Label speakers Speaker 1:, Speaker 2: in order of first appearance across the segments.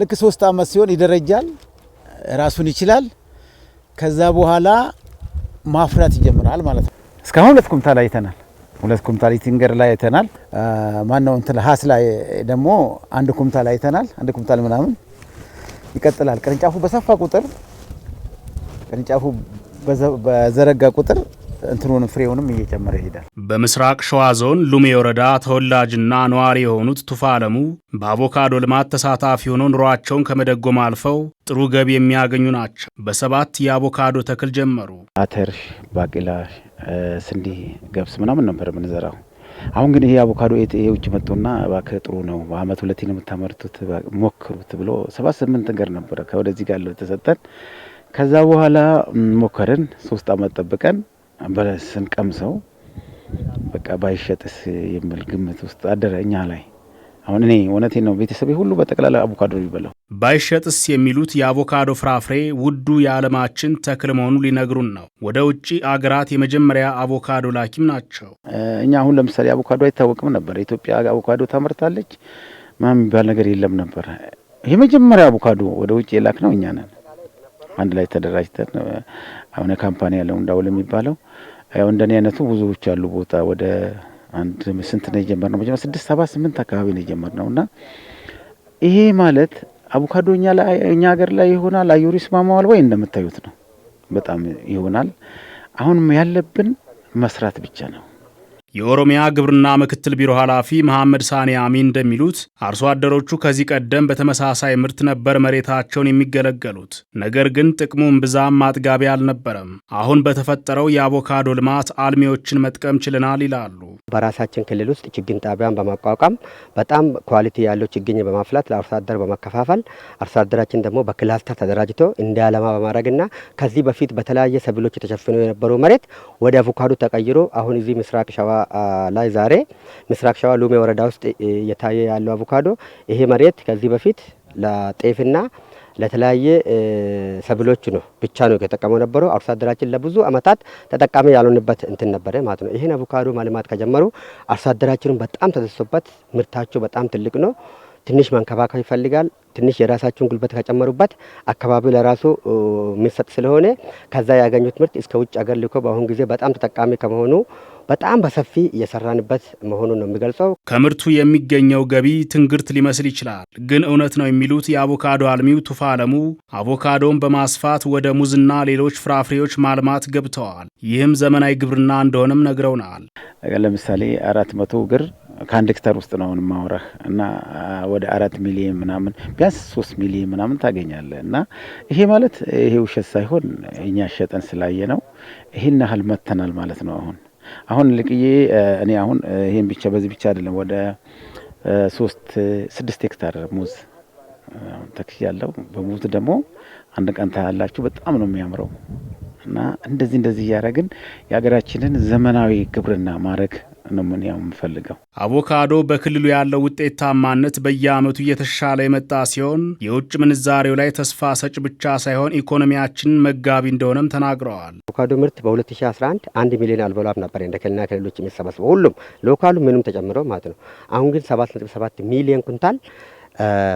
Speaker 1: ልክ ሶስት አመት ሲሆን ይደረጃል፣ ራሱን ይችላል። ከዛ በኋላ ማፍራት ይጀምራል ማለት ነው።
Speaker 2: እስካሁን ሁለት ኩንታል አይተናል። ሁለት ኩንታል ቲንገር ላይ አይተናል። ማነው እንትን ሀስ ላይ ደግሞ አንድ ኩንታል አይተናል። አንድ ኩንታል ምናምን ይቀጥላል። ቅርንጫፉ በሰፋ ቁጥር ቅርንጫፉ በዘረጋ ቁጥር እንትኑን ፍሬውንም እየጨመረ ይሄዳል።
Speaker 3: በምስራቅ ሸዋ ዞን ሉሜ ወረዳ ተወላጅና ነዋሪ የሆኑት ቱፋ አለሙ በአቮካዶ ልማት ተሳታፊ ሆኖ ኑሯቸውን ከመደጎም አልፈው ጥሩ ገቢ የሚያገኙ ናቸው። በሰባት የአቮካዶ ተክል ጀመሩ።
Speaker 2: አተር፣ ባቄላ፣ ስንዴ፣ ገብስ ምናምን ነበር የምንዘራው። አሁን ግን ይሄ አቮካዶ የውጭ መጡና እባክህ ጥሩ ነው፣ በአመት ሁለቴ ነው የምታመርቱት፣ ሞክሩት ብሎ ሰባት ስምንት ነገር ነበረ ከወደዚህ ጋር ተሰጠን። ከዛ በኋላ ሞከርን ሶስት አመት ጠብቀን በለስ ስንቀምሰው በቃ ባይሸጥስ የሚል ግምት ውስጥ አደረ እኛ ላይ። አሁን እኔ እውነቴ ነው፣ ቤተሰቤ ሁሉ በጠቅላላ አቮካዶ ይበላው።
Speaker 3: ባይሸጥስ የሚሉት የአቮካዶ ፍራፍሬ ውዱ የዓለማችን ተክል መሆኑ ሊነግሩን ነው። ወደ ውጭ አገራት የመጀመሪያ አቮካዶ ላኪም ናቸው።
Speaker 2: እኛ አሁን ለምሳሌ አቮካዶ አይታወቅም ነበር። ኢትዮጵያ አቮካዶ ታመርታለች ማ የሚባል ነገር የለም ነበር። የመጀመሪያ አቮካዶ ወደ ውጭ የላክ ነው እኛ ነን። አንድ ላይ ተደራጅተን አሁን ካምፓኒ ያለው እንዳውል የሚባለው ያው እንደኔ አይነቱ ብዙዎች ያሉ ቦታ ወደ አንድ ስንት ነው የጀመርነው? መጀመሪያ ስድስት ሰባት ስምንት አካባቢ ነው የጀመርነው እና ይሄ ማለት አቮካዶ እኛ እኛ ሀገር ላይ ይሆናል አየሩ ይስማማዋል ወይ እንደምታዩት ነው። በጣም ይሆናል። አሁን ያለብን መስራት ብቻ ነው።
Speaker 3: የኦሮሚያ ግብርና ምክትል ቢሮ ኃላፊ መሐመድ ሳኒ አሚን እንደሚሉት አርሶ አደሮቹ ከዚህ ቀደም በተመሳሳይ ምርት ነበር መሬታቸውን የሚገለገሉት። ነገር ግን ጥቅሙን ብዛም ማጥጋቢ አልነበረም። አሁን በተፈጠረው የአቮካዶ ልማት አልሚዎችን መጥቀም ችለናል ይላሉ።
Speaker 2: በራሳችን ክልል ውስጥ ችግኝ ጣቢያን በማቋቋም በጣም ኳሊቲ ያለው ችግኝ በማፍላት ለአርሶ አደር በመከፋፈል አርሶ አደራችን ደግሞ በክላስተር ተደራጅቶ እንዲያለማ በማድረግና ከዚህ በፊት በተለያየ ሰብሎች የተሸፍነው የነበረው መሬት ወደ አቮካዶ ተቀይሮ አሁን እዚህ ምስራቅ ሸዋ ላይ ዛሬ ምስራቅ ሸዋ ሉሜ ወረዳ ውስጥ እየታየ ያለው አቮካዶ ይሄ መሬት ከዚህ በፊት ለጤፍና ለተለያየ ሰብሎች ነው ብቻ ነው የተጠቀመው ነበረው። አርሶ አደራችን ለብዙ አመታት ተጠቃሚ ያልሆንበት እንትን ነበረ ማለት ነው። ይህን አቮካዶ ማልማት ከጀመሩ አርሶ አደራችንን በጣም ተደስቶበት ምርታቸው በጣም ትልቅ ነው። ትንሽ መንከባከብ ይፈልጋል። ትንሽ የራሳቸውን ጉልበት ከጨመሩበት አካባቢው ለራሱ የሚሰጥ ስለሆነ ከዛ ያገኙት ምርት እስከ ውጭ አገር ልኮ በአሁኑ ጊዜ በጣም ተጠቃሚ ከመሆኑ በጣም በሰፊ እየሰራንበት መሆኑን ነው የሚገልጸው።
Speaker 3: ከምርቱ የሚገኘው ገቢ ትንግርት ሊመስል ይችላል፣ ግን እውነት ነው የሚሉት የአቮካዶ አልሚው ቱፋ አለሙ አቮካዶን በማስፋት ወደ ሙዝና ሌሎች ፍራፍሬዎች ማልማት ገብተዋል። ይህም ዘመናዊ ግብርና እንደሆነም ነግረውናል።
Speaker 2: ለምሳሌ አራት መቶ ግር ከአንድ ሄክታር ውስጥ ነው አሁን ማውራህ እና ወደ አራት ሚሊየን ምናምን ቢያንስ ሶስት ሚሊየን ምናምን ታገኛለህ። እና ይሄ ማለት ይሄ ውሸት ሳይሆን እኛ ሸጠን ስላየ ነው ይህን ያህል መተናል ማለት ነው። አሁን አሁን ልቅዬ እኔ አሁን ይሄን ብቻ በዚህ ብቻ አይደለም ወደ ሶስት ስድስት ሄክታር ሙዝ ተክ ያለው በሙዝ ደግሞ አንድ ቀን ታያላችሁ። በጣም ነው የሚያምረው እና እንደዚህ እንደዚህ እያደረግን የሀገራችንን ዘመናዊ ግብርና ማድረግ ነው ምን ያው የምፈልገው።
Speaker 3: አቮካዶ በክልሉ ያለው ውጤታማነት በየአመቱ እየተሻለ የመጣ ሲሆን የውጭ ምንዛሬው ላይ ተስፋ ሰጭ ብቻ ሳይሆን ኢኮኖሚያችን መጋቢ እንደሆነም ተናግረዋል።
Speaker 2: አቮካዶ ምርት በ2011 አንድ ሚሊዮን አልበላብ ነበር እንደ ክልልና ክልሎች የሚሰበስበው ሁሉም ሎካሉ ምንም ተጨምሮ ማለት ነው። አሁን ግን 7.7 ሚሊዮን ኩንታል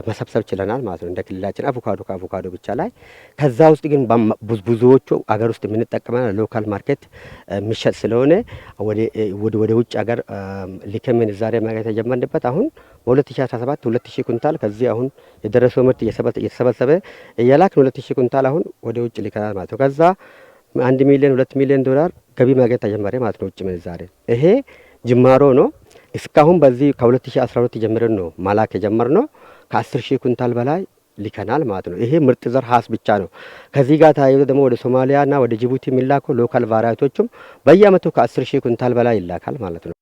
Speaker 2: መሰብሰብ ችለናል ማለት ነው። እንደ ክልላችን አቮካዶ ከአቮካዶ ብቻ ላይ ከዛ ውስጥ ግን ብዙዎቹ አገር ውስጥ የምንጠቀመ ሎካል ማርኬት የሚሸጥ ስለሆነ ወደ ውጭ ሀገር ልክ ምንዛሬ ማግኘት የጀመርንበት አሁን በ2017 2000 ኩንታል ከዚህ አሁን የደረሰው ምርት እየተሰበሰበ እየላክን 2000 ኩንታል አሁን ወደ ውጭ ልከናል ማለት ነው። ከዛ አንድ ሚሊዮን ሁለት ሚሊዮን ዶላር ገቢ ማግኘት ተጀመረ ማለት ነው። ውጭ ምንዛሬ ይሄ ጅማሮ ነው። እስካሁን በዚህ ከ2012 ጀምረን ነው ማላክ የጀመርነው። ከአስር ሺህ ኩንታል በላይ ልከናል ማለት ነው። ይሄ ምርጥ ዘር ሀስ ብቻ ነው። ከዚህ ጋር ተያይዞ ደግሞ ወደ ሶማሊያና ወደ ጅቡቲ የሚላኩ ሎካል ቫራይቶችም በየአመቱ ከአስር ሺህ ኩንታል በላይ ይላካል ማለት ነው።